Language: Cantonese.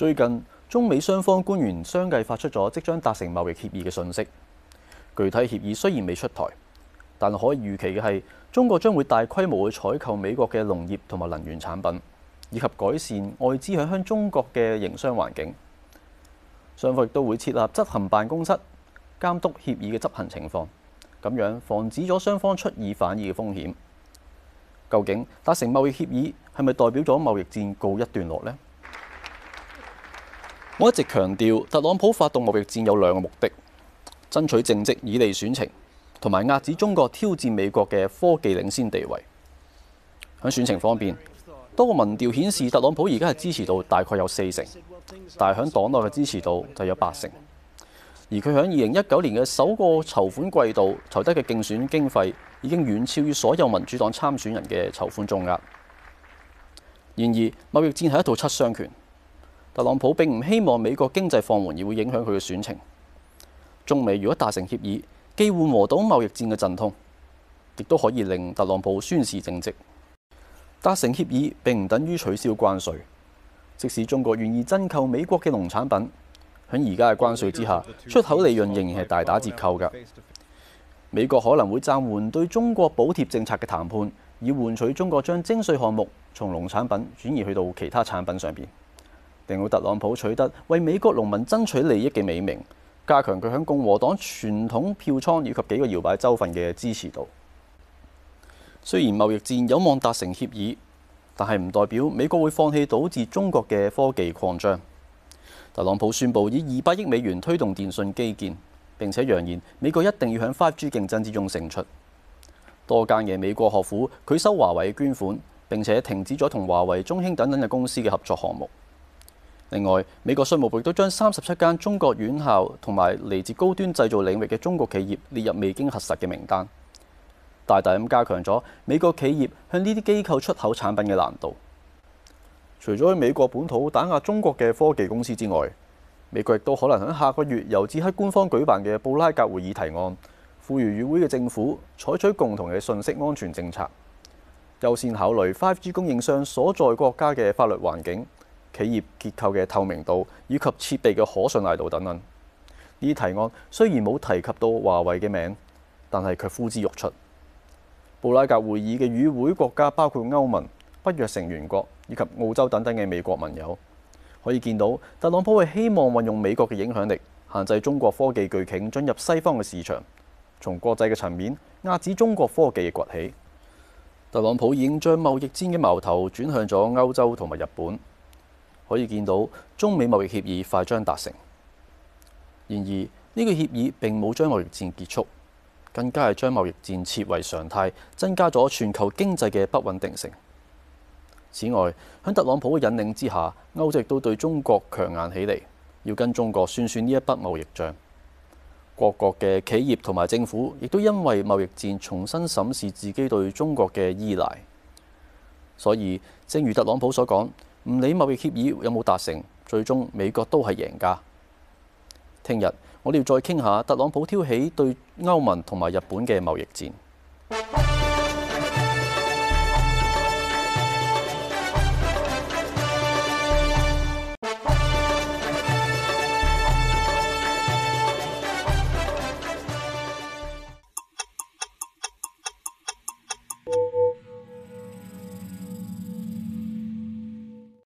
最近中美雙方官員相繼發出咗即將達成貿易協議嘅信息，具體協議雖然未出台，但可以預期嘅係，中國將會大規模去採購美國嘅農業同埋能源產品，以及改善外資響向中國嘅營商環境。雙方亦都會設立執行辦公室，監督協議嘅執行情況，咁樣防止咗雙方出爾反爾嘅風險。究竟達成貿易協議係咪代表咗貿易戰告一段落呢？我一直強調，特朗普發動貿易戰有兩個目的：爭取政績以利選情，同埋壓止中國挑戰美國嘅科技領先地位。喺選情方面，多個民調顯示特朗普而家係支持度大概有四成，但係喺黨內嘅支持度就有八成。而佢喺二零一九年嘅首個籌款季度籌得嘅競選經費已經遠超於所有民主黨參選人嘅籌款總額。然而，貿易戰係一套七傷拳。特朗普並唔希望美國經濟放緩，而會影響佢嘅選情。中美如果達成協議，既緩和到貿易戰嘅陣痛，亦都可以令特朗普宣示政績。達成協議並唔等於取消關稅，即使中國願意增購美國嘅農產品，喺而家嘅關稅之下，出口利潤仍然係大打折扣㗎。美國可能會暫緩對中國補貼政策嘅談判，以換取中國將徵稅項目從農產品轉移去到其他產品上邊。令到特朗普取得為美國農民爭取利益嘅美名，加強佢響共和黨傳統票倉以及幾個搖擺州份嘅支持度。雖然貿易戰有望達成協議，但係唔代表美國會放棄導致中國嘅科技擴張。特朗普宣布以二百億美元推動電訊基建，並且揚言美國一定要響 Five G 競爭之中勝出。多間嘅美國學府拒收華為捐款，並且停止咗同華為、中興等等嘅公司嘅合作項目。另外，美國商務部都將三十七間中國院校同埋嚟自高端製造領域嘅中國企業列入未經核實嘅名單，大大咁加強咗美國企業向呢啲機構出口產品嘅難度。除咗喺美國本土打壓中國嘅科技公司之外，美國亦都可能喺下個月由捷克官方舉辦嘅布拉格會議提案，賦予與會嘅政府採取共同嘅信息安全政策，優先考慮 Five G 供應商所在國家嘅法律環境。企業結構嘅透明度以及設備嘅可信賴度等等。呢啲提案雖然冇提及到華為嘅名，但係卻呼之欲出。布拉格會議嘅與會國家包括歐盟、北約成員國以及澳洲等等嘅美國盟友。可以見到特朗普係希望運用美國嘅影響力，限制中國科技巨擎進入西方嘅市場，從國際嘅層面壓止中國科技崛起。特朗普已經將貿易戰嘅矛頭轉向咗歐洲同埋日本。可以見到中美貿易協議快將達成，然而呢個協議並冇將貿易戰結束，更加係將貿易戰設為常態，增加咗全球經濟嘅不穩定性。此外，喺特朗普嘅引領之下，歐洲亦都對中國強硬起嚟，要跟中國算算呢一筆貿易帳。各國嘅企業同埋政府亦都因為貿易戰重新審視自己對中國嘅依賴。所以，正如特朗普所講，唔理貿易協議有冇達成，最終美國都係贏家。聽日我哋要再傾下特朗普挑起對歐盟同埋日本嘅貿易戰。